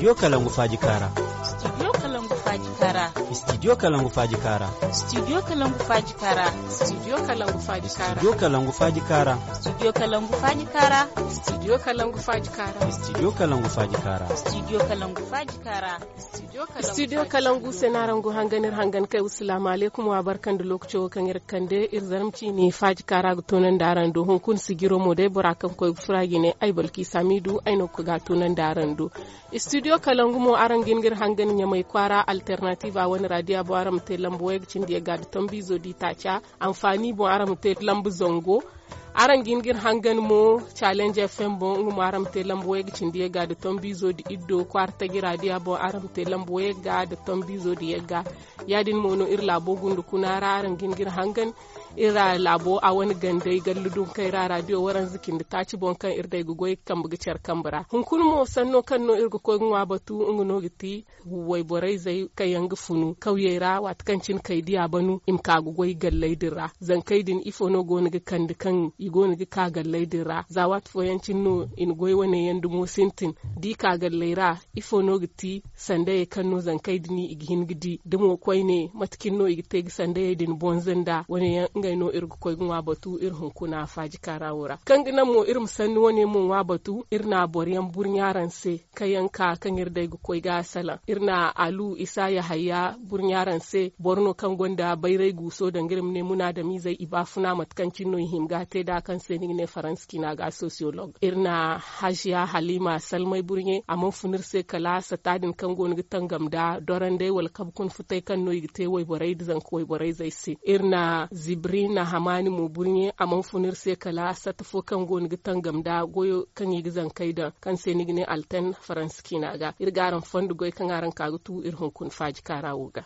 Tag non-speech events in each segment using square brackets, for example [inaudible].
Yoo kala faji kara. studio kalangu faji kara studio kalangu faji kara studio kalangu faji kara studio kalangu faji kara studio kalangu faji kara studio kalangu faji kara studio kalangu faji kara studio kalangu faji kara studio kalangu senarangu hanganir hangan kai assalamu alaikum wa barkan da lokacin kande irkande irzarmci ne faji kara gutonan daran do kun sigiro mo dai burakan koy furagi ne ai balki samidu ai no ga tonan daran do studio kalangu mo arangin gir hangan nya mai kwara alternative a wani radio ya bo aram te lambu wek cin dia gad tombi zo di tacha amfani bo aram te lambu zongo aran gin gin hangan mo challenge fm bo ngum aram te lambu wek cin dia gad tombi zo di iddo kwarta gira dia bo aram te lambu wek gad tombi zo di yega yadin mono irla bo gundu kunara aran gin gin hangan ira labo a wani gandai galludun kai ra radio waran zikin da ta ci bon kan irdai gugoi kan bugi cer kambra hun kun mo sanno kan no irgo ko ngwa batu ngono giti wai borai zai kai yang funu kauye ra wat kan cin kai diya banu im ka gugoi gallai dira zan kai din ifo no go ni kan kan i go ni ka gallai dira za wat fo cin no in goi wane yandu mo sintin di ka gallai ra ifo no giti sandai kan no zan kai dini igihin gidi dumo koi ne matkin no igite sandai din bonzanda wani ngey no irgu ko ngwa batu ir hun kuna faji karawura kan ina mo ir musanni woni mun wa batu na boriyan burnyaran se kayan ka kan ir dai ko ga sala na alu isa ya hayya burnyaran se borno kan gonda bayrai guso da ngirim ne muna da mi zai ibafuna matkan no him ga te da kan se ne faranski na ga sociolog na hajiya halima salmai burnye amon funir se kala satadin kan gonu tangam da doran dai wal kab futai kan no te wai borai zan koy borai zai se na zibri buri na hamani mu burnye amon funir sai kala sata fo kan go ni gitan gamda goyo kan yi gizan kai da kan sai ni alten faranski na ga irgaran fondu goy kan aran kagu tu irhun kun faji karawo ga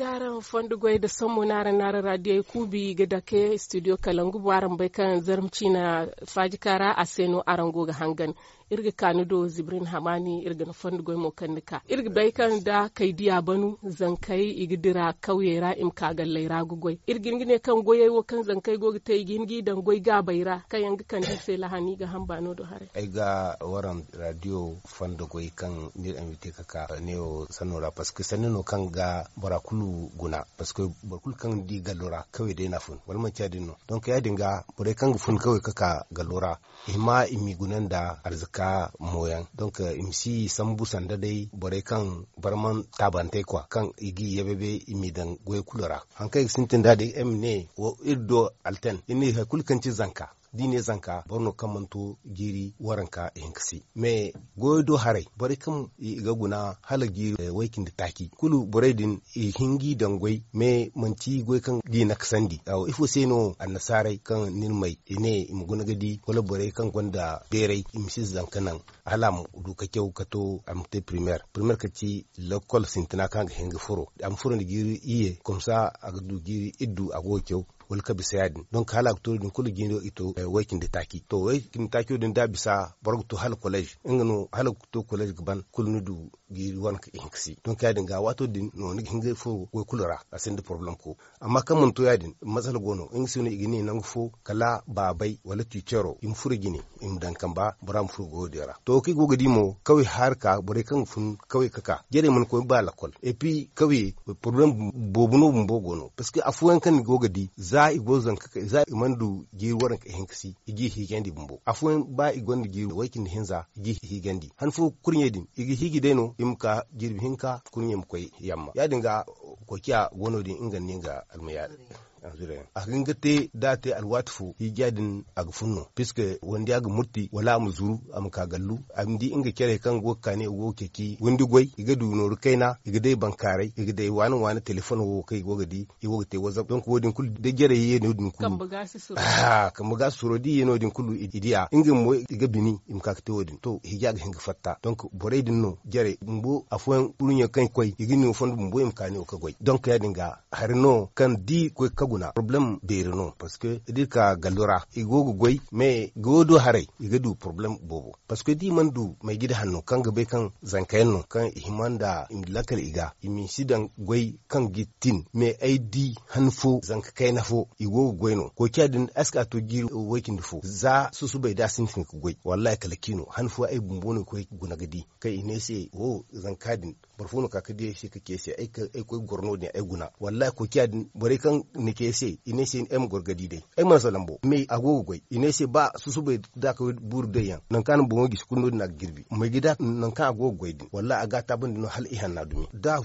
garan gwai da samu nara nara radio e kubi ga dake studio kalangu baran bai kan zarmci na fajikara a seno arango ga hangan irga kanido zibrin hamani irga na fandu goymo kannika irga bai kan da kai diya banu zankai igidira imka im ra ragugoy irgin gine kan goye wo kan zankai gogi ta igin dan goy ga bayra kan yanga kan di sai lahani ga hamba no do hare ai ga waran radio fandu goy kan nir amite ka ne o sanora paske sanino kan ga barakulu guna paske barakulu kan di galora kawai dai na fun walman cha dinno donc ya dinga bure kan fun kawai ka galora hima imi gunan da arzika ka moyan donc imsi sambu sanda dai bare kan barman tabante kwa kan igi yebebe imidan goy kulara hankai sintin dadi emne wo irdo alten ini hakul kanci zanka dine zanka borno kan manto giri waranka e hinkasi me goyo harai bari kan ga guna hala giri eh, waikin da taki kulu buraidin din hingi dangwai me manci goy kan di na kasandi aw ifo seno annasarai kan nirmai ine e imguna gadi wala bore kan gonda berai imsis zankanan alam duka kyau kato amte primaire primaire kati lokol sintina kan hingi furo am furo ni giri iye ça ak du giri iddu ago kyau wani ka bisa yadin don ka halaka to din kula gino ito wakin da taki to wakin taki din da bisa bargu to hal college no hal to college gaban kulnudu giri wani ka inksi don ka yadin ga wato din no ni hinga fo ko kulura asin da problem ko amma kan mun to yadin matsal gono in su ne igini nan fo kala babai wala ticero in furi gini in dan kan ba buram furu godira to ki go gidimo kawai har ka bure kan fun kawai kaka jere mun ko ba lakol e puis kawai problem bobuno bobo gono parce que afuwan kan go gadi za za a zan kaka za a imandu giri waran ka hinkasi igi higendi bumbo afuen ba igondi giri wakin hinza igi higendi hanfo kurnyedin igi higi deno imka giri hinka kurnye mukwai yamma ya dinga kokiya din ingan ninga almayar agingate date alwatfu hijadin agfunno piske wandi aga murti wala muzuru am kagallu amdi inga kere kan go kane go keki wandi goy iga du noru kaina iga dai bankare iga dai wani wani telefon wo kai go gadi i wo te whatsapp donc wodin kul de jere ye no din kulu kambaga suro ah suro di ye no din kulu idiya inga mo iga bini im kakte wodin to hijag hing fatta donc borey din no jere mbo afwen kulunye kan koy igi ni fon mbo im kane o kagoy donc ya dinga harino kan di ko aguna problem berino parce que ka galura igogo goy me godo hare igadu problem bobo parce que di man du mai gida hannu kan be kan zankayenno kan himanda lakal iga imi sidan goy kan gittin me aidi hanfo na fo. nafo igogo goy no ko kya din aska to giri wakin fo. za su su bai da sin fin goy wallahi kalakino hanfo ai bumbono ko guna gadi kai ne se. o zankadin barfono ka dai shi ka ke sai ai ko gorno ne ai guna wallahi ko kiya bare kan ne ke sai ine se em gorgadi dai ai man salambo me agogo goi ine se ba susu bai da ka bur de yan nan kan bo ngi skunno na girbi mai gida nan kan agogo goi din wallahi aga ta bin hal ihan na dumi da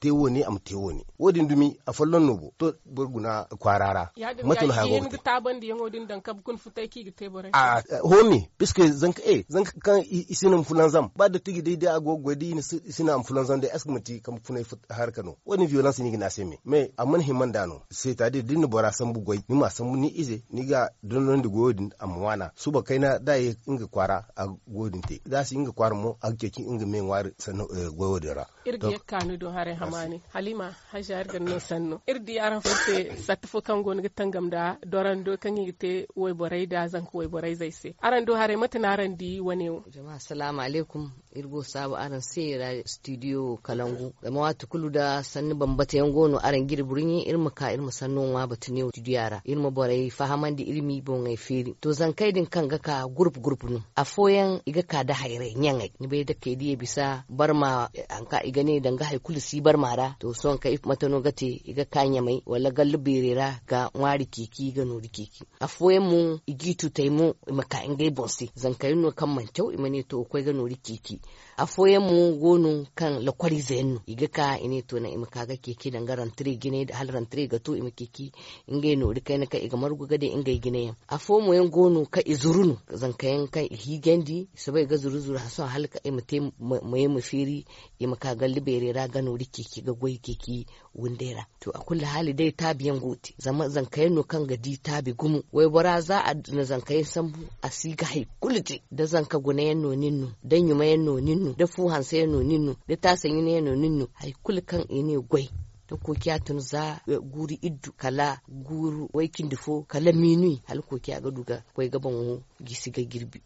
te woni am te woni wodin dumi a fallon nobo to burguna kwarara matul ha gogo ta ban da yango din dan kab kun futai ki te bare a eh, homi piske zanka eh zanka kan isinan fulan zam ba da tigi dai da agogo goi din isinan fulan zan da eskimo ti kam funai har kano wani violence ni gina seme me amman himman dano sai ta di dinni bora san bu bugoi ni ma san ni ize ni ga don da godin amwana su ba kaina da ye inga kwara a godin te da su inga kwara mu a kekin inga men war sanu eh, godira irgi kanu do hare hamani halima hajar ganno sanno irdi aran fote satfo kan gon ga tangam da doran do kan yite woy borai da zan ko woy borai zai se aran do hare matana aran di wani jama'a assalamu alaikum irgo sabu aran sai studio radio kalangu da ma wata kulu da sanni bambata yangono aran giri burinyi irma ka irma sannon wa batu ne wata diyara irma borai fahaman da irmi bon ai fere to zan kai din kan gaka gurup gurup nu a foyan iga ka da haire nyangai ni bai da kai diye bisa barma an ka iga ne danga hai kulu si barma ra to son kai matano gate iga nya mai wala galluberera ga wari kiki ga nuri kiki a foyan mu igitu taimu maka ingai bonse zan kai no kan mantau imane to akwai ga nuri kiki a foyan mu gonu kan lakwari zayennu iga ka ine to na imaka ga keke dan garan tri gine da halran tri ga to imaki ki inga no rika na ka iga margu ga de inga gine a afo yan gono ka izurunu zan kayan kan higendi sabai ga zuru zuru haso halka imate moye mu firi imaka ga libere ra ga no rike ki ga goyi keki wundera to a kulle hali dai ta tabiyan goti zama zankayen no kan gadi ta bi gumu wai bara za a na zankayen sambu a siga hai kulje da zanka guna yan no ninnu dan yuma yan no ninnu da fu hansa yan no ninnu da sanyi yan no ninnu hai kul kan ine gwai ta kokiya tun za guri iddu kala guru waikin difo kala minui hal kokiya ga duga kwai gaban wo gisiga girbi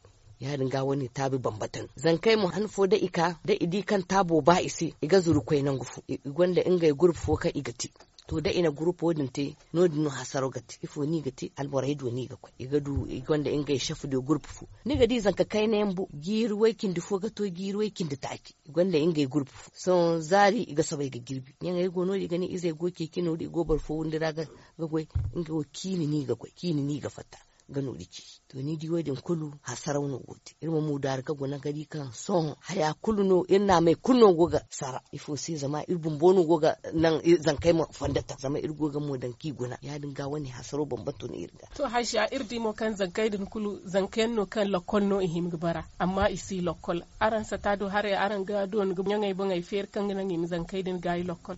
ya ringa wani tabi bambatan zan kai mu hanfo da ika da idi kan tabo ba isi iga kwai nan gufu gwanda inga gurfo ka igati to da ina group wadin te no dinu hasaro gati ifo ni gati alborai do ni gakwa iga du in inga shafu da group fu ni gadi zan ka kai na bu giru waikin du fo gato giru waikin du taki gonda inga group fu so zari iga sabai ga girbi yan ga gono iga ni izai goke kino di gobar fo wundira ga gagwai inga wo kini ni gakwa kini ni ga fatta gano diki to ni di wadin kulu ha no gote irma mu da harka gona gadi kan son haya kulu no ina mai kunno goga sara ifo sai zama irbun bonu goga nan zan kai ma fandata zama ir goga mu dan ki gona ya dinga wani hasaro to ne irga to hasha irdi mo kan zan kai din kulu zan kai no kan lokol no ihim gbara amma isi lokol aran sa do hare aran ga don ga nyangai bangai fer kan nan im zan kai din gai lokol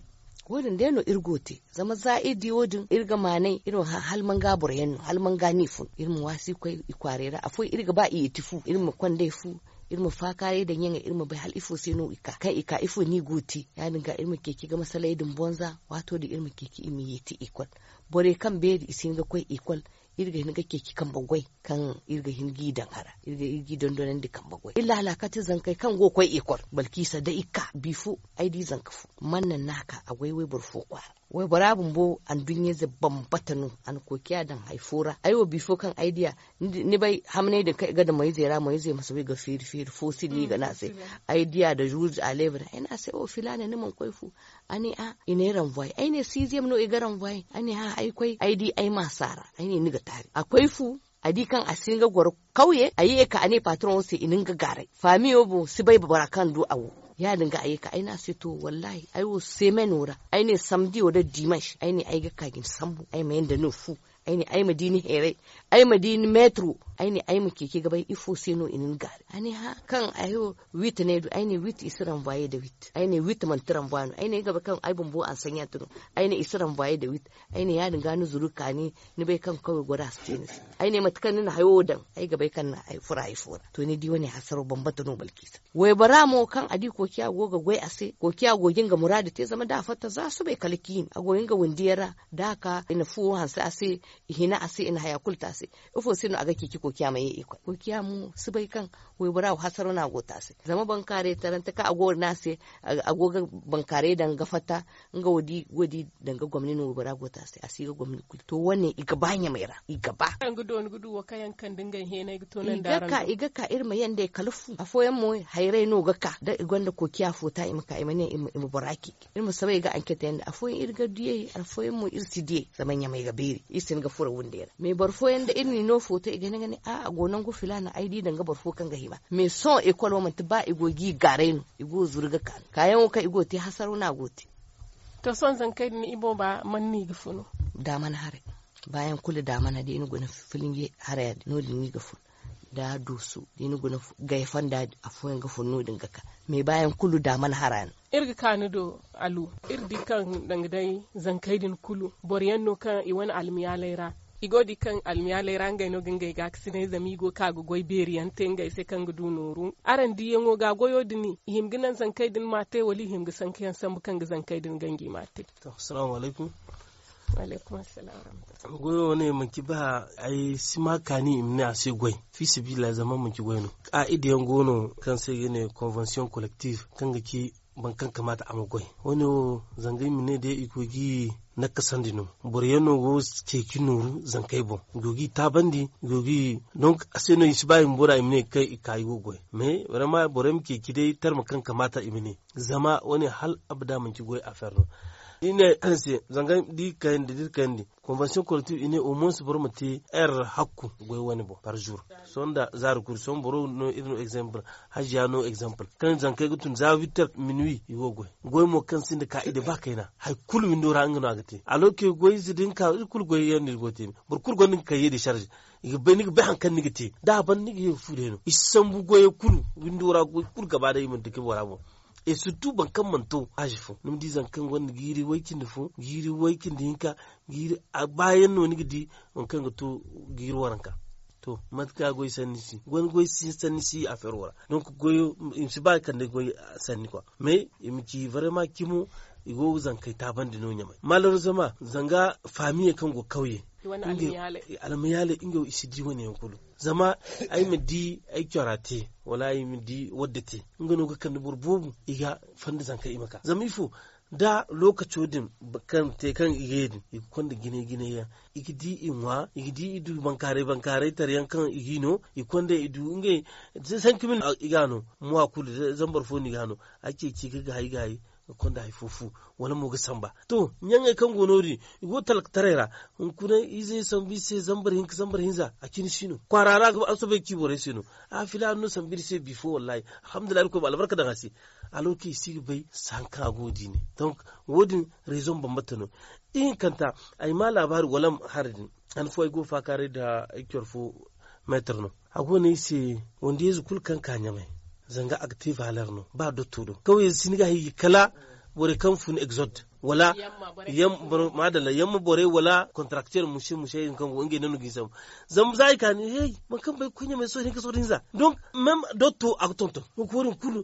da deno irgote zama za a idi wodin irga manai irin halman gabur yanno halman fun. irin wasi kwai ikwarera afoi irga ba iya tifu irin kwande fu irma fakare da yanga irma bai hal ifo sai no ika kan ika ifo ni goti ya ga irma keke ga masalaidin bonza wato da irma keke imi ta ikwal bore kan beri isin ga kwai ikwal irga hin gake ki kan bagwai kan irga hin gidan hara irga irgi dondonan di kan bagwai illa halakati zankai kan go kwai ikor balki sa da ikka bifu aidi zankafu mannan naka a waiwai burfo kwa wai bun bo an dunye zai bambata no an kokiya dan haifora ayo bifo kan idea ni bai hamne da kai gada mai zera mai zai masu ga fir fir ni mm, ga na sai idea da jules alebra ina sai o oh, filana ni mun koifu ani a ah, ine ran vai ai ne zai no igaran vai ani ha ah, ai kai id ai masara ai ne ni ga tare akwai fu adi kan a singa gwar kauye ayi ka ani patron sai inin ga gare famiyo obo si bai babara kan du awo ya dinga ayyuka ai na to wallahi ai wo semen ai ne samdi da dimash ai ne ai ga kagin sambu ai mai yanda nufu aini ai madini here ai madini metro aini ai mu keke gabai ifo sino inin gar ani ha kan ayo wit ne du aini wit isiran baye da wit aini wit man tiran bano aini gaba kan ai bumbo an sanya tunu aini isiran baye da wit aini ya dinga ni zuruka ni ni bai kan kawai gwada su aini matkan ni hayo dan ai gabai kan na ai fura ai fura to ni di wani hasaro bambata no balki wai bara mo kan adi ko kiya goga gwai ase ko kiya gogin ga muradi te zama da fata za su bai kalkin a gogin ga wundiyara daka ina fuwa hansa ase hina ase ina haya kulta sai ifo no aga kiki ko kiyama ye iko ko kiyamu bai kan wai burawo hasaro na gota sai zama bankare taranta ka ago na se agogo bankare dan gafata nga wodi wodi dan ga gwamnati no bura gota a asi ga gwamnati to wannan iga banya mai ra igaba kan gudu wani gudu wa kayan kan dingan hena ga nan daran ka iga ka irma yanda ya kalfu foyan mu haire no ga ka da igwanda ko kiya fota imka imane imu buraki irma sabai ga anketa yanda afoyan irga a foyan mu irsidiye zaman ya mai gabe irsin ga fura wunde yana me barfo yanda irni no foto e gane gane a gonan go filana ID danga barfo kan ga hima me son e kwalwa man ba igo e gi garenu igo e zurga kan kayan ka igo e te hasaro na gote to son zan kai ni ibo ba man manni gifuno da man hare bayan kula da mana da inu gona filin hare no ga gafun da dosu da inu gona gaifan da afuwan gafun no dinga ka me bayan kulu da man harani irga do alu irdi kan dangdai zankaidin kulu boriyanno kan iwan almiyalaira igodi kan almiyalai ngai no gangai ga zami go ka go goy beriyan tengai se kan gudu noru aran diye ngo ga goyo dini him ginan zankaidin mate wali him gisan kai sambu kan gisan zankaidin gangi mate to assalamu alaikum alaikum assalam goyo ne mun ki ba ai sima kani imne ase goy fi sibila zaman mun ki goy no idiyan gono kan sai ne convention collective kan ga ki ban kan kamata magwai wani zangai mine da ya ikogi na kasandino boryano go keki nuru zankai bon gogi tabandi gogi donc aseno isba imbura imne kai kai gogoi me vraiment borem ke kidai tarmakan kamata imne zama wani hal abda manki a aferno ine anse zanga di kandi di kandi kayen di convention collective ine au moins bor mate er hakku goy woni bo par jour sonda zar kur son boro no ibn exemple hajja no exemple kan ka gutun za witter minui iwo goy goy mo kan sin da kaide ba kaina hay kul windo ra ngana agate aloke goy zidin ka kul goy yanir gote bur kul gonin kayedi charge iga bai niga bai hankan niga te da ban niga yi fure no isan bugo ya kuru windora kulu gaba da yi mun dake bora bo e surtout ban kan manto aji fo num zan kan wanda giri waikindi fo giri waikindi hinka giri a bayan no ni gidi on kan to giri waranka to matka goy sanni si gon goy si sanni si affaire wara. donc goyo im si ba kan de goy sanni quoi mais im ci vraiment kimo igo zan kai taban dino nyamai malheureusement zanga famiye kan go kauye almiyale eh, isi isidi wani yankulu zama ay mi di ay corate wala ay mi di waddate ngano ga kan burbubu iga fanda zanka imaka zama ifu da lokacodin kan iga igedin iku kwanda gine gine ya iki di inwa iki di idu bankare bankare yan kan igino iku kwanda idu inge san kimin igano muwa kulu ni gano a ake ci ga gayi gayi da haifufu wani wala moga samba to nyanga kan gonori go talak tarera kuna san bi sai zambar hin zambar hinza kin sino kwarara ga asobe ki bore shino a fila no bi se before wallahi alhamdulillah ko albarka da gasi aloki si bai san ka godi ne donc wodin raison bambata no in kanta ai ma labari walam harin an fo go fakare da ikior metrno metro no agone se wonde kan kulkan mai zanga active halar no ba dotto do kawai siniga hi kala wore kan fun exode wala yam madala yam bore wala contracteur mushi mushe in kan wonge nanu gisa zam zai kan hey man kan bai kunya mai so ni ka so rinza donc même dotto ak tonton ko worin kulu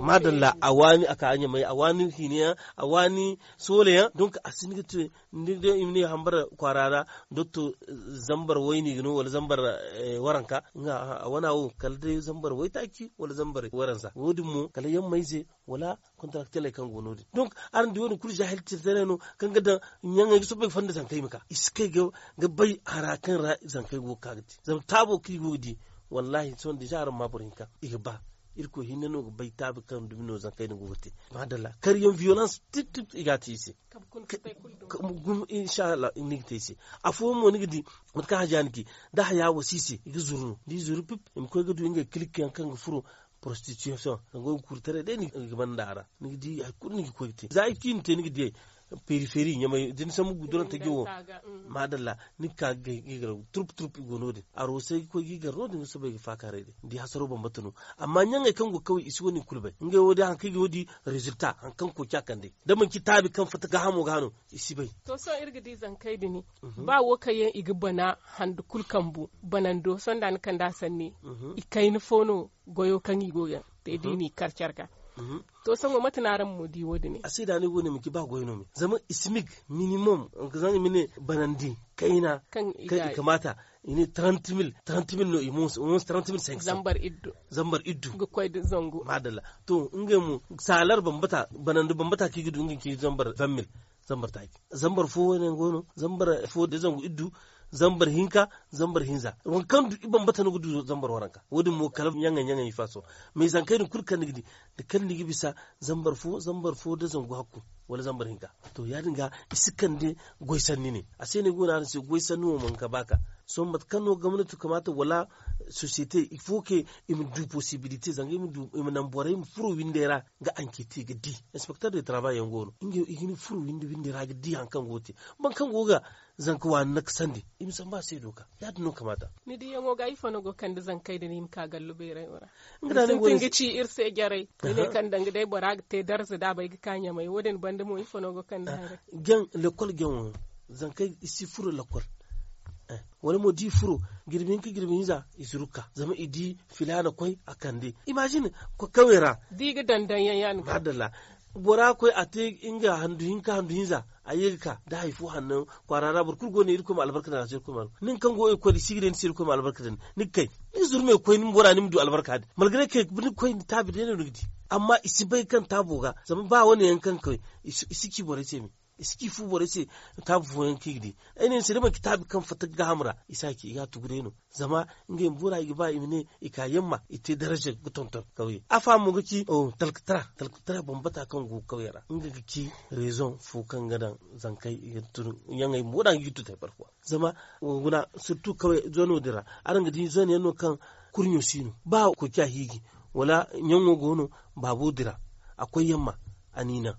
madalla a awani aka anya mai wani hiniya a wani soliya don ka asini donc asinga te ndigde imni hambar kwarara dotto zambar wai wayni gno wala zambar eh, waranka nga a awana wo kalde zambar wai taki wala zambar waransa wodi mu kala yam maize wala contractele kan gonodi donc aran di woni kul jahil no kan gada nyanga gi sobe fanda zankai maka iske ga ga bai harakan ra zankai go kagti zam tabo ki godi wallahi son deja aran maburinka iga ba irko hinano ga bai tabi kan dumino zan kai nugu wote madalla karyan violence tit tit iga tisi gum insha Allah in nig a afo mo nig di matka hajani ki da haya wasisi iga zurnu di zuru pip im ko ga du inga click kan kan furo prostitution ngon kurtare de ni ga bandara nig di hakuri nig ko ti za ikin te nig di periferi nyamai din samu gudura ta giwo mm. madalla ni ka gigar trup trup gono de aro rose ko gigar rodin su bai fa kare din di hasaro ban batano amma nyanga kan go kawai isu woni kulbe nge wodi han kigi wodi resulta han kan ko kyakan de da man ki tabi kan fata ga hamo gano isi bai to so irga di zan kai dini mhm. ba wo kayen igi bana handu kulkan bu banan do sanda kan da sanni mhm. ikai ni fono goyo kan igoya te dini karcharka to sango mati naran mo di wodi ne asi dani mu mi ba goyno mi zama ismig minimum zani mine banandi kaina kan kamata ini 30 mil 30 mil no imus imus 30 mil 500 zambar iddu zambar iddu ga koy da zango madalla to inge mu salar bambata banandu bambata ki gidu inge ki zambar 20 mil zambar taki zambar fo wani gono zambar fo da zango iddu zambar hinka zambar hinza won kan du iban bata nugu du zambar waranka wudin mo kalam yangan yangan yi mai zankai ni kurkan nigdi da kan nigi bisa zambar fo zambar fo da zangu hakku wala zambar hinka to ya dinga isikan de goisanni ne a sai ne gona sai goisanni wa manka baka so mat kano gwamnati kamata wala societe il faut que im du possibilité zanga im du im nan bore im furu windera ga enquête ga di inspecteur de travail en gono inge igini furu windu windera ga di an kan gote ban kan goga ka wani nak sandi im san ba sai doka ya dinu kamata ni di yango ga ifano go kan da kai da ni im ka gallu be rai ora ngada ne go ci irse gare ne kan danga dai bora te darza da bai ga kanya mai wadin ban bande mo ifono go kan kan ah, hare gen kol gen kay isi furo kol wala mo di furo girbin ki girbin za isuruka zama idi filana koy akande imagine ko kawera diga dandan yan ka madalla bora koy ate inga handu hinka handu hinza ayirka da haifu hannun kwarara burkur go ne irko albarka da sir kuma nin kan go e ko sigire sir kuma albarka da nik kai ni zurme koi nim bora nim du albarka malgare ke bin ta tabi da nugdi amma isi bai kan tabo ga zama ba wani yankan kai isi ki bore ce mi isi ki fu bore ce tabu fu yanki gidi ainihin sirima kitabi kan fata ga hamra isa ki ya tugure no zama inga yin bura yi ba imine ika yamma ite daraja gutonton kawai afa mu gaki o talkatara talkatara bambata kan go ra inga gaki raison fu kan gadan zankai iga turun yangai mu dan yutu ta farko zama guna surtout kawai zono dira aranga di zone yano kan kurnyo sino ba ko kya higi wala nyongo gono babu dira akwai yamma anina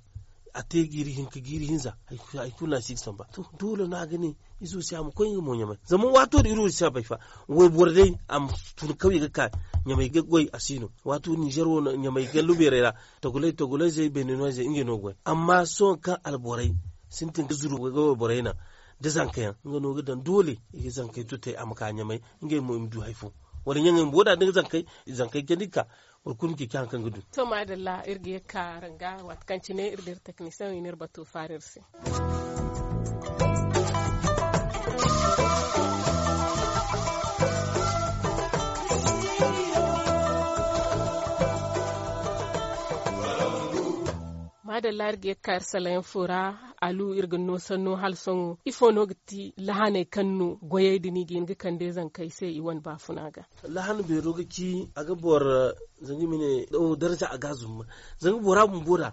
a te giri hin ka giri hin za a kuna sik san ba to dole na gani izo siya mu ko yin mu nyamai zama wato da iru siya bai fa wai bordai a tun kawai ga ka nyamai ga a asino wato niger wona nyamai ga lubere rera tagulai tagulai zai bai nuna zai inge no goi amma son ka alborai sun tin ga zuru ga borai na da zankayan nga ga dan dole ga zankai tutai a amka nyamai inge mu imdu haifu wani yangan boda din zankai zankai kenika wakun ke kan kan gudu to madalla irge ka ranga wat kanci ne irdir technicien unir batu farirsi madallar ge karsalayen fura alu irgin no sanno hal songo ifo no gti lahane kanno goye dini gin ga kande zan kai sai iwan ba funaga lahan be roga ki aga bor zangi mine o daraja aga zum zangi bora bora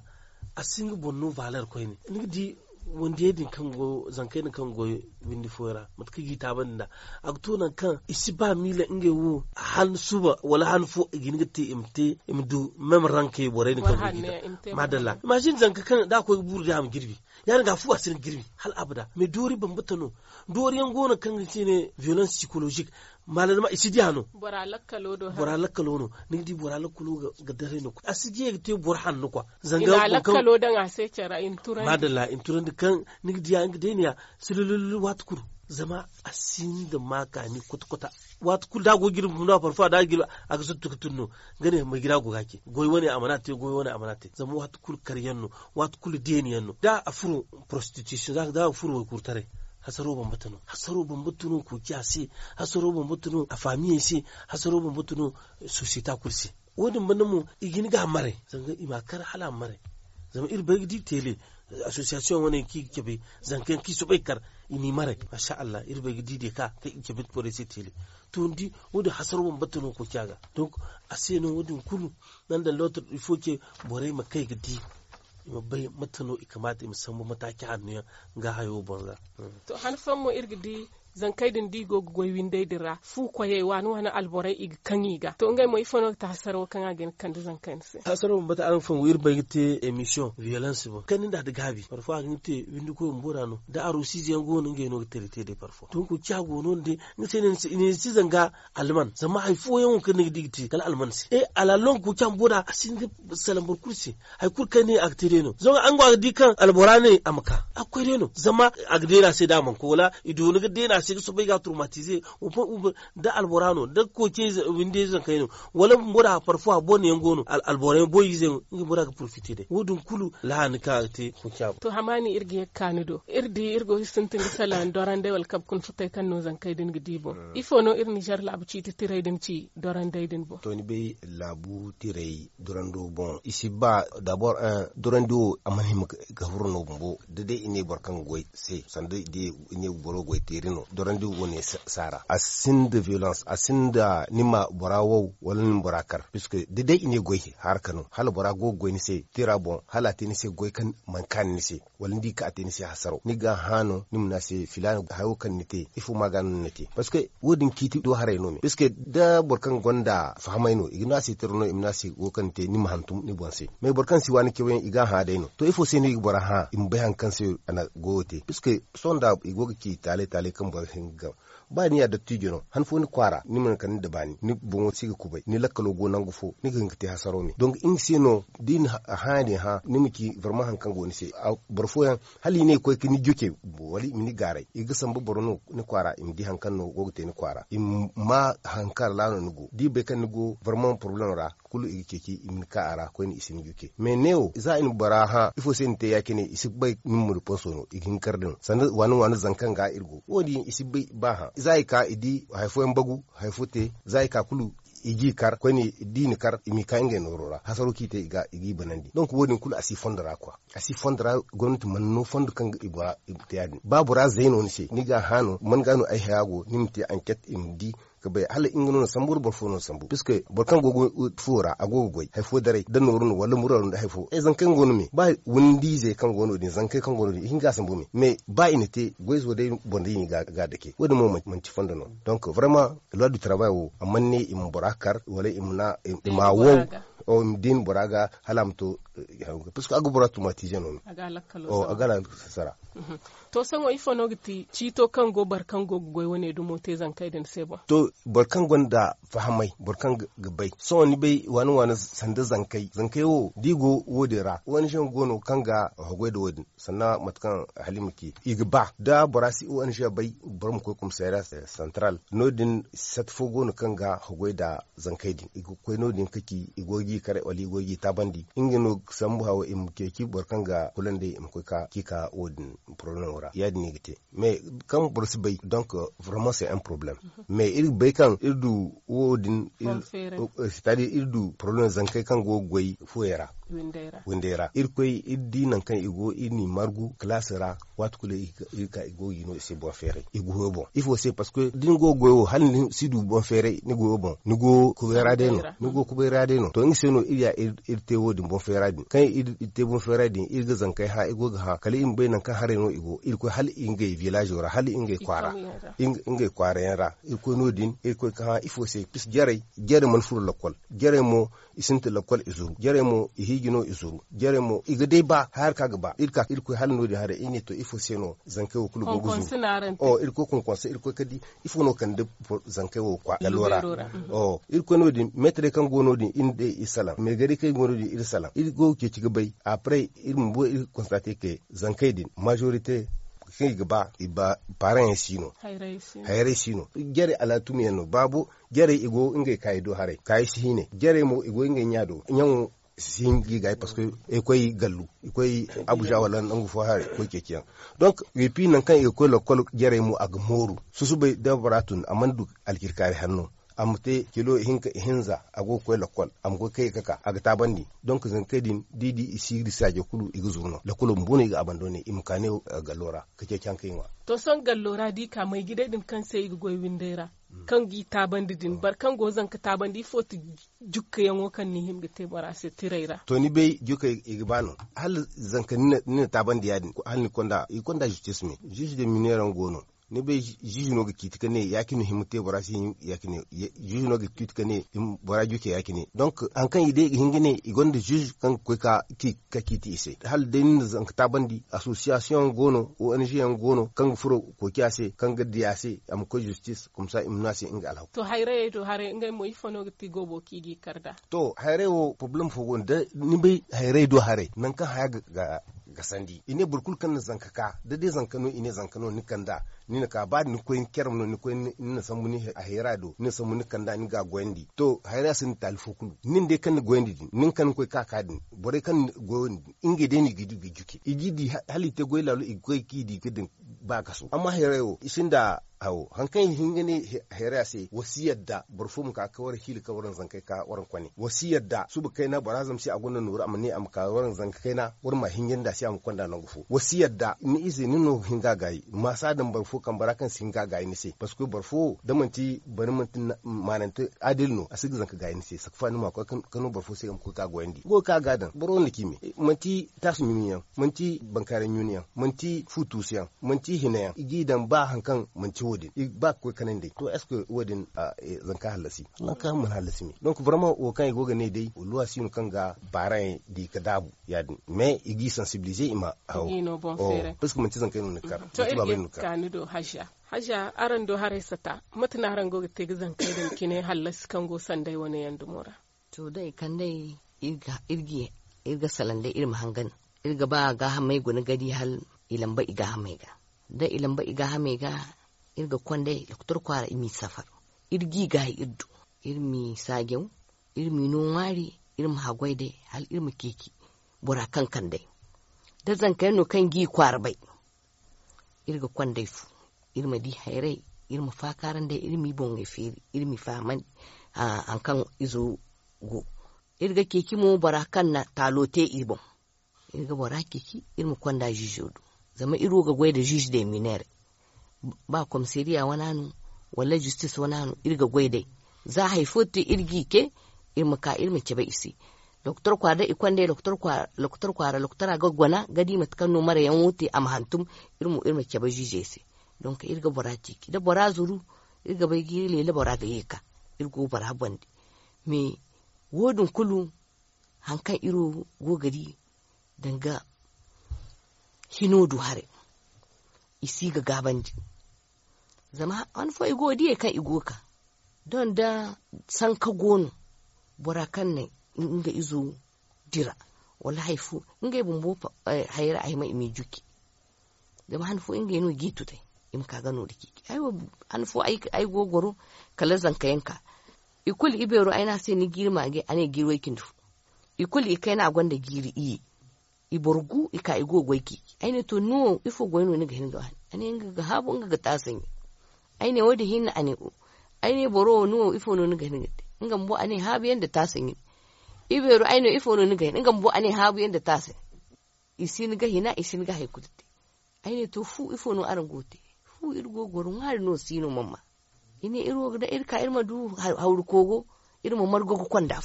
asingi bonno valer koyni ni di wanda yedin kan go zankaini kan go windi foira matka gita banda agtuna kan isi ba mila inge wu han suba wala han fu ginigti imte imdu mem ranke bore ni kan gita madalla imagine zanka kan da ko buru da am girbi yani ga fu asirin girbi hal abada me dori bata no dori yan gona kan ne violence psychologique malalma isidi hano bora lakkalono nigdi bora lakkalo gadareno asidi te bor hanno kwa zanga lakkalo dan ase cara inturan madalla inturan kan nigdi ya ngdeniya silulul watkuru zama asin da maka ni kutkuta wata kul da gogir muna farfa da gil a ga suttu tunno gane mai gira goga ke goyi wani amana te goyi wani amana te zama wata kul karyan no kul deniyan da afuro prostitution da afuro kurtare hasaro batunu hasaro batunu ku kiasi hasaro bambatuno a se hasaro bambatuno ta kursi wodin mu igini ga mare zanga imakar hala mare zama ir di tele association wani ki kebe zanga ki su kar ini mare masha Allah ir di de ka ka kebe pore se tele to ndi wadin hasaro batunu ku kiaga donc no wadin kulu nan da lotu ifoke bore makai gidi bai matano ikamata musamman mataki hannu ga hayo banza to han mu irgidi zan kai din digo goy windai dira fu ko ye wa wani alborai albore ig kangiga to ngai moy fono ta saro kan agen kan zan kan se asaro mbata an fon wir bagite emission violence bo kan da da gabi parfois te windu ko mbora no da aru sije ngo no ngai no terite de parfois tun ku kya go no de ngite ne ne si ga alman zama yi fo yon kan ne digiti kala alman si e ala lon ku kya bora sin de salam bor kursi hay kur kan ne aktere no zon an go dikan albora ne amaka akwai no zama agdera sai da man kola idu ni ga dena ga su bai ga traumatiser on peut da alborano da ko ke winde zan kai ne wala mura a bon yan gono alborano boy zan ngi mura ka profiter de wudun kulu lahan ka te ko kyab to hamani irgi kanudo irdi irgo sintin salan dorande wal kap kun futay kan no zan kai din gidibo hmm. ifo no ir niger labu ci ti tirai din ci doran dai din bo to ni be labu tirai do bon isi ba d'abord un eh, doran do amani ga hurno bo de de ine barkan goy se sande de ine boro goy terino di wone sara a sin de violence a sin da nima borawo walin borakar puisque de de ini goy har kanu hal bora go goy ni se tira bon hala tini se goy kan man kan ni se walin di ka tini se hasaro ni ga hano nim na se filan hayo kan ni te ifu magan ni te parce que wodin kiti do haray no mi puisque da borkan gonda no igna se tirno imna se go kan te nim hantum ni bonse mais borkan si wani kewen iga ha dai no to ifu se ni bora ha im bayan kan se ana gote puisque da igoga ki tale tale kan kan hinga ba ni ya dattijo no han fo ni kwara ni man kan da bani ni bon siga kubai ni lakalo go nangu fo ni ganga ti hasaro ni donc in se no din haani ha ni miki vraiment han kan go ni se a barfo yan hali ne koy ni joke wali ni garai i ga sambu borno ni kwara in di han kan no go te ni kwara in ma hankar lano ni go di be kan ni go vraiment problème ra kulu igi keki imin ka ara ko ni isin yuke me neo za in bara ha ifo sen te yakene isi bai min mu ponso no igin kardin sanda wani wani zankan ga irgo wodi isi bai ba ha za ka idi haifo en bagu haifo te za ka kulu igi kar ni dini kar imi ka inge norora hasaro kite iga igi banandi donc wodin kulu asi fondra quoi asi fondra gonti man no fond kan igwa ibtiyadi babu ra zaino ni se niga hano man gano ai hago nimti enquête imdi ka bai hala ingino na sambur bor na sambu puisque bor kan gogo uh, fura a goy hay fo dare dan no runo wala muralo da hay fo e eh, zan kan gono me ba wundi je kan gono din zan kai kan gono din hinga sambu mi me ba ina te goy zo dai bondi ni ga ga dake wodi mo man ci fondo non donc vraiment loi du travail wo amman ne im borakar wala imna imawo o oh, din boraga halamto parce que agu buratu ma tijen on o agala sara mhm. to sango fa no giti cito kan go barkan go goy wone du mote zan kai den seba. to barkan gonda fahamai barkan gabai so ni bai wani wani sanda zan kai zan kai wo digo ra wani shan gono ga. hagwai da wodin sannan matkan halima ke igba da borasi wani shan bai bar mu ko kum sayra central din set fo gono ga hagwai da zan kai din igo koi din kaki igogi kare wali igogi tabandi ingino sambu hawo im ke ki borkan ga kulande im ko ka ka odin problem wora ya ni gite mais kan si bay donc vraiment c'est un problème mais il bay kan irdu odin c'est-à-dire irdu problem kai kan go goyi foyera windera windera irkoy iddi nan kan igo ini margu klasera watkule ka igo yino se bon fere igo bon il faut c'est parce que dingo goyo ni sidu bon fere ni go bon ni go kuberade no ni go kuberade no to ngiseno iya irte wodi bon fere din kan irte bon fere din irga zan kai ha igo ha kali in bai nan kan hare no igo irko hal inge village ora hal inge kwara inge kwara yara irko no din irko ka il faut c'est pis jare jare man fur lokol jare mo isinta lokol izuru jare mo ihi igino isuru jeremo igade ba har kaga ba irka irko hal no de hare ini to ifo seno zanke wo kulu gogo o irko kun kon irko kadi ifo no kan de zanke wo kwa galora o irko no di metre kan gono di inde isalam me gari kai gono di islam irko ke ci gabai après irmo bo constater que zanke din majorité kai gaba iba paran sino hayre sino gere alatumi yano babu gere igo ingai kai do hare kai shi gere mo igo ingai nyado nyan sin gigai parce que ekoi gallu ekoi abuja wala nangu fo hare ko kekiyan donc pi nan kan ekoi lokol jere mu ag moru susu be da baratun amandu alkirkare hannu amte kilo hinka hinza ago koy lokol am go kay kaka aga tabandi donc zan kedin didi isi risa kulu igzurno la kulu mbuni ga abandone imkane eh, galora kake kyan kaiwa to son gallora di ka mai gida din kan sai igoy windera kan gi tabandi din ah. bar kan go zanka ka tabandi foti jukka yango kan ni himbe te bara se tireira to ni be jukka igbanu hal zan ni ni tabandi yadin hal ni konda i konda justice mi juge de mineur ngono ne be jujuno ga kitika ne yakino himte bora si yakine jujuno n'o kitika ne im bora juke kini donc an kan ide hingine igonde juge kan ko ka ki ka kiti ise hal den zan ka tabandi association gono ONG an gono kan furo ko kiase kan gaddi diase am ko justice comme ça im nasi inga alaw to hayre to hare ngai mo ifono ti gobo ki kigi karda to hayre wo problem fo gonde ni be hayre do hare nan kan haya ga ga sandi ine burkul kan zankaka da dai zankano ine zankano ni kanda. ni na ka bad ni ko in kerm no ni ko ni na sambu ni a hera do ni sambu ni kanda ni ga gwendi to hera sin tal fukulu nin de kan gwendi din nin kan ko ka kadin bore kan gwendi inge de ni gidu gijuki di halite i lalu ki di kidin ba so amma hera isin da awo hankan hingani hera se wasiyar da burfum ka kawar hili kawarin zankai ka warin kwani wasiyar da su bu kaina barazam si gunan nuru amne am ka warin zankai na war ma hingin da si am kwanda nan gufu wasiyar da ni izini ni no hinga gai masa da barfu kan bara kan sin ga ni se parce que barfo da manti bari manti mananta adil no asig zanka ga ni se sakfa ni ma ko kanu barfo sai ko ka goyandi go ka gadan boro ne kimi manti tas miniya manti bankare nyuniya manti futusiya manti hinaya dan ba hankan manti wodin ba ko kanin dai to est ce que wodin e, zanka halasi k'a mun halasi ne donc vraiment o kan go ga ne dai o luwa sinu kan ga baran di kadabu yadin mais igi sensibiliser ima awo parce que manti zanka ne kar to ba ni haja haja aran do hare sata matina aran go te gizan kai da kine hallas kan go sandai wani yandu mura to dai kan dai irga irgi irga salan dai irma hangan irga ba ga hamai guni gadi hal ilamba iga hamai ga da ilamba iga hamai ga irga kon dai doktor kwara imi safar irgi ga irdu irmi sageu irmi nonwari irmi hagwai dai hal irmi keki bura kan kan dai da zan kai no kan gi kwarbai irga kwan dai fu irma di hairai irma fa da irmi bonga feri irmi faman an kan izo go irga keki mo barakan na talote ibon irga bara keki irma kwanda jijodo zama iro ga gwai da jij de minere ba komisariya wani anu wala justice wani irga gwai dai za haifo ta irgi ke irma ka irma ke bai isi doktor kwada dai doktor kwara doktor kwara doktor agogwana gadi matkan no mara yan wuti am hantum irmu irma ke ba jijese donc irga bora ciki da bora zuru irga bai giri lela bora ga yeka irgo bora bandi me wodin kulu hankan iro gogari danga hinodu hare isi ga gabandi zama an fo igo diye kan igo ka don da san ka gonu bora kan ne inga izo dira wala haifu inga ibun bo eh, hayra ayma imi juki zama hanfo inga nuna gitu tai In ka gano da kiki ai an fo ai gogoro kala zanka yanka ikul ibero ai na sai ni girma ge ane girwai kindu ikul kai na gwanda giri i iborgu ika igogoi kiki ai ne to no ifo goyno ni ga hin ga ane ga habu ga tasin ai ne wadi hin ane o ai ne boro no ifo no ni ga hin ga inga mbo ane habu yanda tasin ibero ai ne ifo no ni ga hin inga mbo ane habu yanda tasin isin ga hina isin ga haikuti ai ne to fu ifo no arangote hu irgo gorun har no sino mamma ini irwo da irka irma du hauru kogo irma margo ko kwanda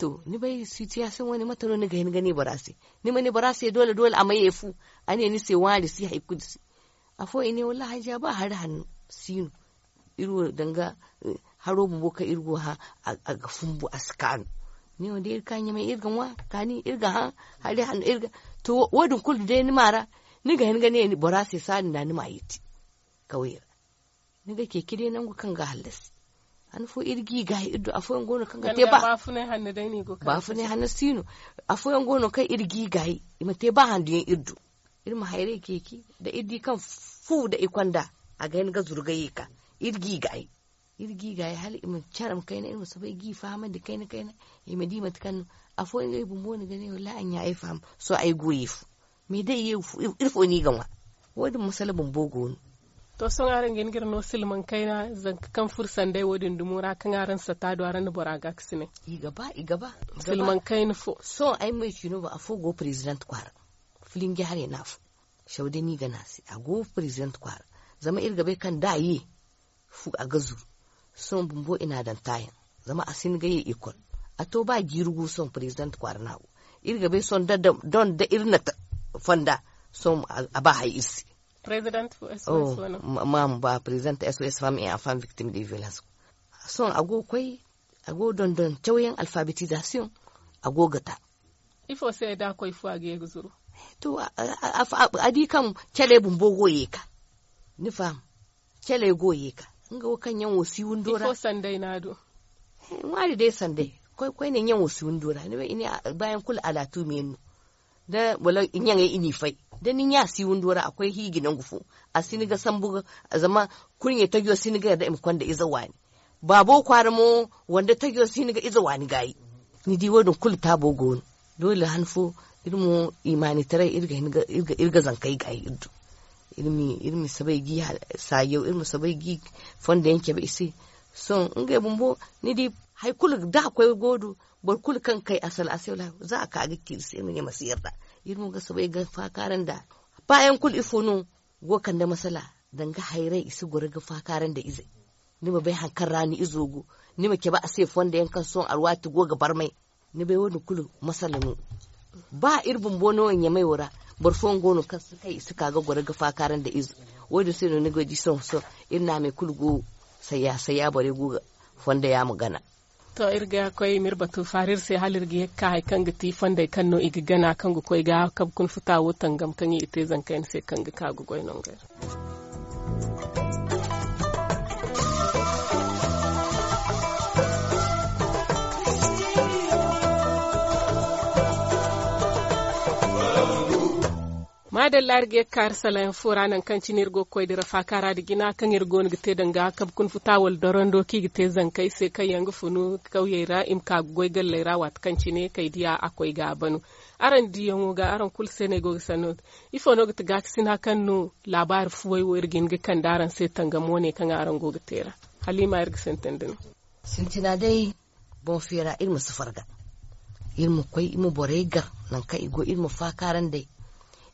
to ni bai siti ya san wani matano ni gani gani barasi ni mani barasi dole dole amai fu ane ni sai wani si haiku si afo ini wallahi haja ba har hannu sino iri danga eh, haro bu ka irgo ha a bu askan ni wanda irka nya mai irgan wa kani irga ha hari hannu irga to wadun kullu dai ni mara ni gani gani ni barasi sani na ni mayiti kawai da ke kire nan kan ga halas an fu irgi ga iddo a en gono kan ga te ba ba fune hannu dai ni gukan ba fune hannu sino a en gono kai irgi ga ima te ba handu yin iddo irma haire keki da iddi kan fu da ikwanda a ga ga zurgaye ka irgi ga irgi ga hal ima charam kai na ima sabai gi fama da kai na kai na ima di kan a en ga bumbo ne gane wala an ya ai fam so ai goyi fu me dai yau irfo ni gawa wadin masalabin bogo ne to son aran gen gir no silman kaina zan kan fursan dai wodin dumura kan aran sa ta do aran bora gaba igaba gaba silman kaina fo so ai mai kino ba fo go president kwara filin gyare na fo shaude ni ga nasi a go president kwara zama irga bai kan daye fu a gazu son bumbo ina dan tayin zama a sin yi ikon a to ba girgu son president kwara na irga bai son da don da irna fanda son a ba hayi isi president SOS oh, Ma'am ba president SOS femme et eh, enfant victim de violence son ago kwai ago don don tauyen alphabetisation ago gata ifo sai da kwai fu ga guzuru to adi kan kele bumbo goye ka ni fam kele goye ka In ga kan yan wasi wundura. ifo sandai nado Wani dai sandai kwai kwai ne yan wasu wundura. ni bayan kula alatu mai da wala inyan ya ini fai da nin ya si wundura akwai higi nan gufu a siniga sambuga a zama kunye tagyo siniga da im kwanda iza wani babo kwaramo wanda tagyo siniga iza wani gayi ni di wadun kul bo gon dole hanfo irmo imani tare irga irga irga zankai gayi irdu irmi irmi sabai gi sayo irmi sabai gi fonda yanke ba isi son in ga bumbo ni di haikulu da akwai godu bar kul kan kai asal asal za a kaga kirse mene masu yarda irin ga sabai ga fakaran da bayan kul ifono go kan da masala danga hairai isu gure ga fakaran da izai ba bai hankar rani izogo nima ke ba a safe wanda yankan son arwati go ga barmai ni bai wani kulu masalamu ba irbin bono ya mai wura fon gono kan su kai su kaga gure ga fakaran da izu da sai no nigo ji son so ina mai kulgo saya ya bare ga fonda ya magana to irga koy mir batu farir sai halir gi ka kan kanga ti kan kanno igi gana kanga koy ga kab kun futa wutan gam yi ite zan sai kan ga ka gugoy nongar madallar Large kar fura furanan kan cinir go koy dira fakara gina kan irgon gite danga kab kun futawal dorondo ki gite zankai sai kai yangu funu kauyera imka goy gallera wat kan cine kai diya akoy ga banu aran diyon ga aran kul senego sanu ifo no gite gaksin hakan no labar fuwai wergin ge kan daran sai tanga mone kan aran go ra halima irgi sentendin sintina dai bon fira ilmu safarga ilmu koy ilmu boregar nan kai go ilmu fakaran dai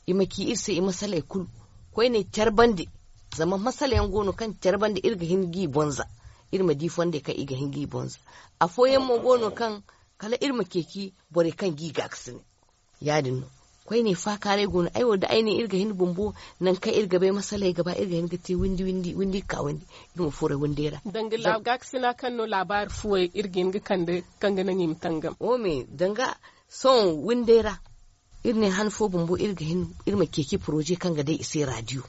ima ki irse ima salai kulu ko ne charbandi zama masalayan gono kan charbandi irga hingi bonza irma difon da ka iga hingi bonza a foyen mo gono kan kala irma keki bore kan giga aksine yadin no kwai ne fa kare gono aiwa da aini irga hin bumbu nan ka irga bai masala gaba irga hin gati windi windi windi ka windi irma fura windera dangila gaksina kan no labar fuwe irgin ga kan da kan ga nan yim tangam o me danga son windera irin han fo bumbu irga hin irma keke proje kan ga dai ise radio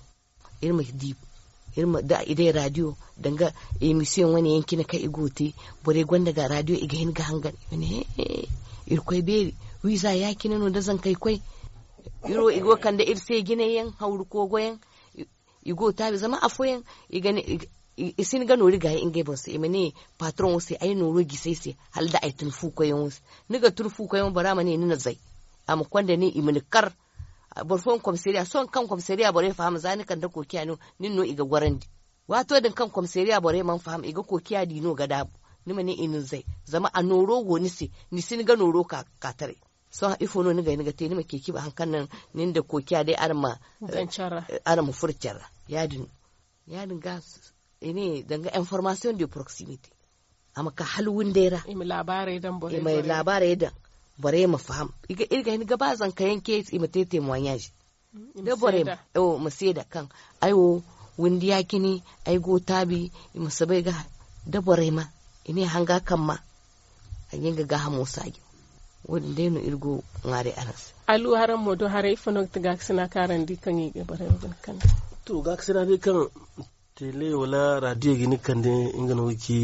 irma di irma da idai radio danga emission wani yanki na kai igote bore gwanda ga radio iga hin ga hangan ne eh, irkoi beri wiza ya kina no da zan kai kwai iro igo kan da irse gine yan hauru ko goyen igo ta zama afoyen ne isin ga nori gaye inge bonse imene patron sai ai noro gisese halda ai tunfu koyon wose niga tunfu koyon bara mane na zai am kwanda ni imin kar borfon komisariya son kan komisariya bore faham zani kan da kokiya no nin no iga di wato din kan komisariya bore man faham iga kokiya di no gada ni mani inin zai zama a noro go se ni sin ga noro ka katare so ha ifo no ni ga ni ga te ni ma keki ba hankan nan nin da kokiya dai arma eh, arma furcara yadin yadin ga ine danga information de proximity amma ka halwun dera imi labarai dan bore imi labarai dan bare ma faham iga irga ni gaba zan kayan ke ima tete moyage mm, da bare ma o da kan aiwo windi kini ai go tabi mu sabai ga da bare ma ini hanga kan ma anyinga ga hamo sagi wani dai no irgo ngare anas alu haram do harai fanok tiga sina karan di kan iga bore kan to ga sina di kan tele wala radio gini kan de ingano wiki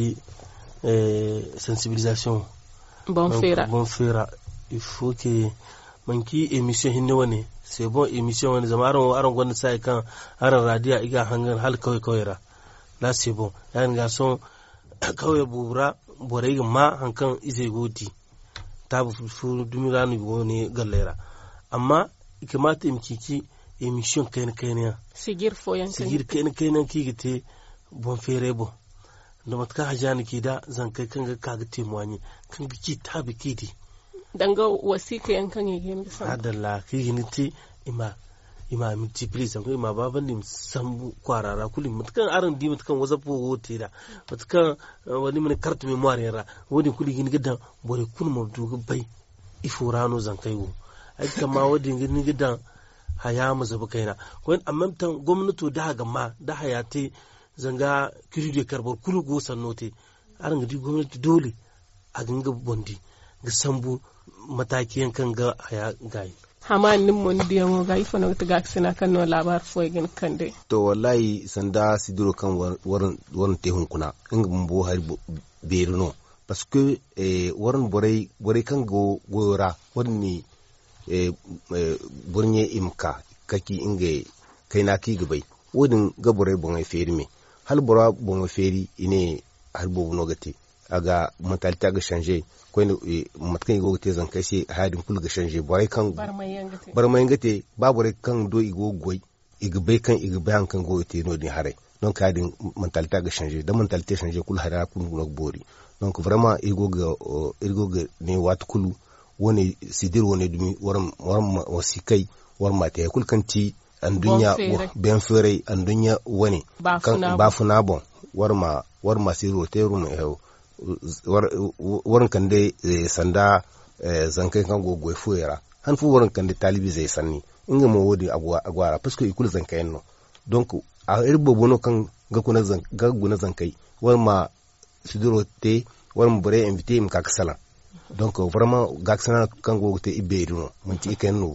eh, sensibilisation bonfera bonfera il faut que man ki emission hinne wani c'est bon emission wani zama aron aron gonda sai kan aron radio iga hangar hal kawai kawai ra la c'est bon yan ga son [coughs] kawai bubura bore ga ma hankan ise goti ta bu fu dumi ga ni gone gallera amma kamata imkiki émission kayan kayan ya sigir foyan sigir kayan kayan ki gite bon fere bon da matuka hajani ke da zan kai kan ga kaga temwani kan biki ta biki di danga wasika yankan yake mi san adalla ki gini ti ima ima mi ti please ko ima baban nim san kwarara kullum mutkan aran di mutkan waza pogo ti da mutkan uh, wani min kartu memoire yara wani kulli gini gidan bore kun mabdu bai ifurano zan kai wo ai kama wadi gini gidan haya mu zubi kaina wani amma gwamnati da ga ma da hayati zanga kirido karbar kulu go sannote aran gidi gwamnati dole a ganga bondi ga sambu mataki yankan ga haya gayi hama nin mun diya mo ga ifo na ga sina kan no labar fo e kan kande to wallahi sanda siduro kan waran waran te hunkuna mun bo har berino parce que eh, waran borai borai kan go goyora waran ni eh, eh, burnye imka kaki inge kai na ki gabai wadin gaburai bon ai ferme hal bora bono feri ine hal bobo no gate aga mentalita ga changer ko ne matkan go te zan kai sai hadin kul ga changer bora e kan barmayan gate babu re kan do igo goy igbe kan igbe an kan go te no din hare don ka din mentalita ga changer da mentalita changer kul hada kun no bori donc vraiment igo ga igo ga ne wat kulu wani sidir wani dumi waram waram wasikai warma ta kulkanti an dunya ben fere an dunya wani ba funa bon warma warma si roteru mu hew warin kan dai eh, sanda eh, zankai kan gogoi fuera han fu warin kan dai talibi zai sanni inga mo wodi agwara pasko ikul zankai no donc a irbo bono kan ga kuna ga guna zankai warma sidiro te warma bure invite im kaksala donc vraiment gaksana kan gogote ibe no mun ci ikan no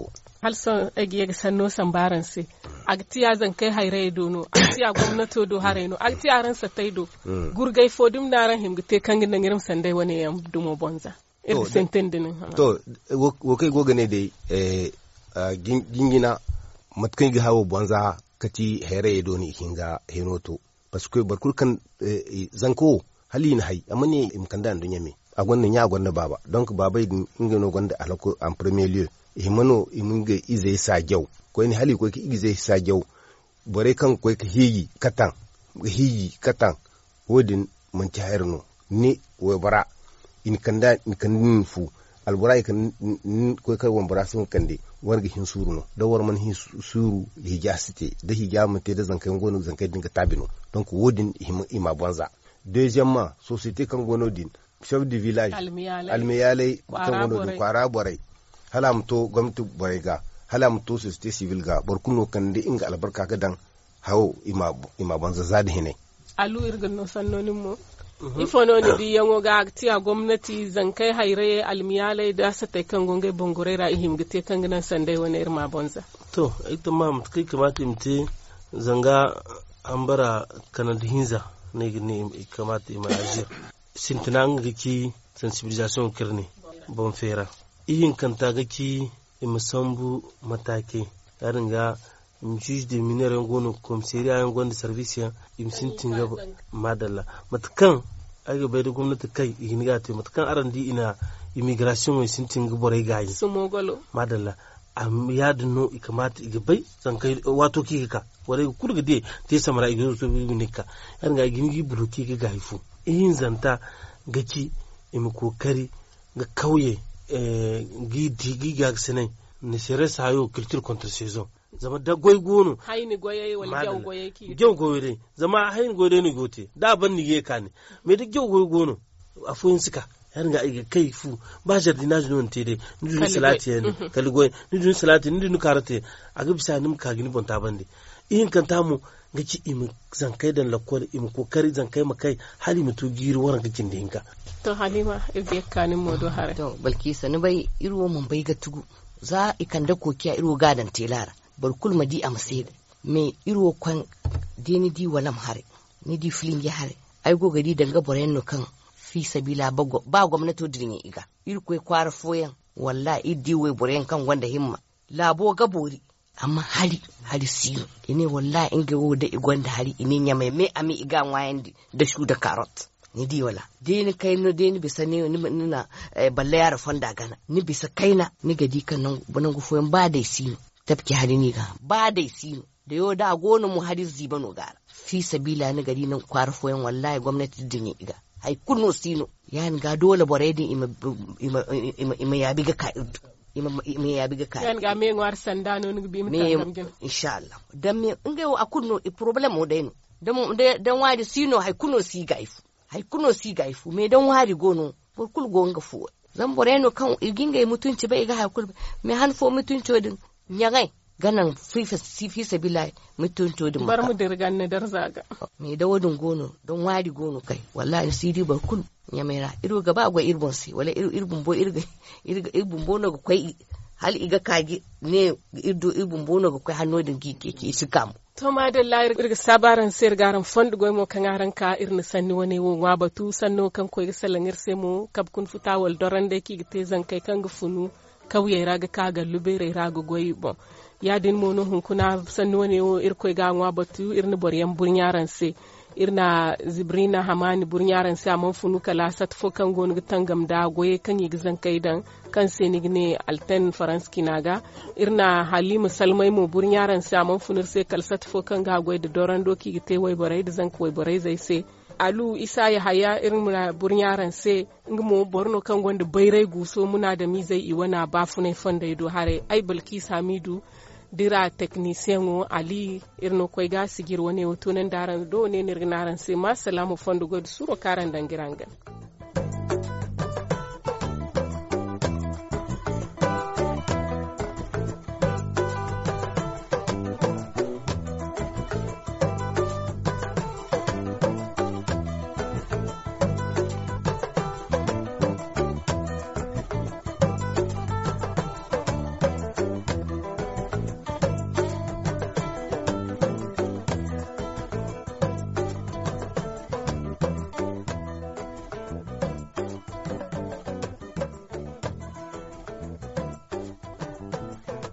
halsan agiyar sanno sambaran se agtiya zan kai haire dono agtiya gwamnato do hareno agtiya ran satai do mm. gurgai fodum naran himgite kangin nan san dai wani yam dumo bonza ir sentendin to wo kai goga ne dai eh gingina matkai ga hawo bonza kati haire do ni kinga henoto paskoi barkul kan eh, zanko halin hai amma ne imkanda an dunya me a gwannan ya gwanna baba donc baba ingano gwanda alako en premier lieu himano imunga ize sa gyau ko ni hali ko ize sa gyau bore kan ko ka higi katan higi katan wodin mun ta hairno ni we bara in kanda in kandin fu albura ikan ko ka won bara sun kande warga hin suru no da war man hin suru hija site da hija mun te da zankan gonu zankan dinga tabino donc wodin ima banza deuxièmement société kan gono din chef de village almiyalai kan gono din kwara borai hala muto gwamnati bai ga hala muto societe civil ga barkuno kan da inga albarka ga dan hawo ima ima banza zadi ne alu irgan no sannonin mu mhm. ifo no ni di yango ga tiya gwamnati zankai haire almiyalai da sa ta kan bongore ra ihim gite kan gana sandai wani irma banza to ita ma kai kamata imte zanga an bara hinza ne ne kamata ima sintana sintinan giki sensibilisation kirni bon fera iyin kanta gaki imisambu matake yaringa juge de mineur yan gono commissariat yan gonda service yan imsin ga madalla matakan aga bai da gwamnati kai igini gata matakan aran di ina immigration mai sun tinga borai gayi su mogolo madalla am ya dinno ikamata igabai zan kai wato ki ka warai kurga de te samara igini so bi nika ga igini gi buruki ga gaifu ihin zanta gaci imi kokari ga kauye gidi gigag sinai ne seres hayo culture contre saison zama da goy gono hayni goye wal jaw goye ki jaw goye de zama hayni goye ni gote da ban ni ye kane me de jaw goye gono afoyin sika yan ga iga kai fu ba jardinage non te de ni dun salati ne mhm. kali goye ni dun salati ni dun karate aga bisa nim kagini bonta bande in kan tamu ci imi zankai da da imi kokari zankai kai hali mutu giri wani gajin da yinka. to halima ibe kanin modo hare. to balki sani bai irwo mun bai ga tugu za i kan da kokiya irwo gadan telara barkul madi a da. me irwo kwan deni di walam hare ni di filin ya hare ai go gadi danga boren no kan fi sabila ba gwamnato dirin iga irko kwara foyan wallahi iddi we boren kan wanda himma labo gabori amma hari hali siyo ine walla in ga da igon da hali ine nya mai me ami iga wayan da shu da carrot ni di wala de ni kai no de ni bisa ne ni na eh, balle ya rafon da gana ni bisa kaina ni gadi kan nan bunan gufoyan ba dai siyo tafki hali ni ga ba dai siyo. da yau da gona mu hari ziba no gara fi sabila ni gari nan kwarfoyan wallahi gwamnati din iga ai kunno sino yani ga dole bore din ima ima ima, ima, ima ya biga ka me ya biga ka yan ga me ngwar sanda no ngi bi mi tan gam inshallah dan me ngai wa kunno i problem o dai no dan dan wari sino hay kuno si gaifu hay kuno si gaifu me dan wari gono bor kul gonga fu zan boreno kan iginga mutunci bai ga hakul me han fo mutunci din nyangai ganan fifa sifi sabila mutun to bar mu dirgan na dar zaga me da wadin gono don wari gono kai wallahi sidi bar kun ya ido ga ba agwa irbon si wala irbon irbun bo irga irga irbon bo no kai hal iga kage ne ido irbun bo no kai hanno da gike ke sukamu to ma da layar irga sabaran sayar garan fond goy mo kan aran ka irni sanni wani wo wa batu sanno kan koy irga salangir sai mu kab kun futawal doran de ki te zan kai kan gufunu kawye raga kaga lubere raga goy bon yadin mono hunkuna sanno ne o irko ga nwa batu irni boryan burnyaran se na zibrina hamani burnyaran se amon funu kala sat fo kan gonu tangam da goye kan yi gizan dan kan se ni ne alten faranski naga na halimu salmai mu burnyaran se amon funur se kal sat fo kan ga goye da doran doki gite wai borai da zan wai borai zai se alu isa ya haya irin muna burnyaran se ngumo mu borno kan gonda bairai guso muna da mi zai iwana ba funai fanda ido hare ai balki samidu dira technicien o ali irno koy ga sigir woni o tunen daran do ne nirgnaran se ma salamu fondo god suro karan dangiranga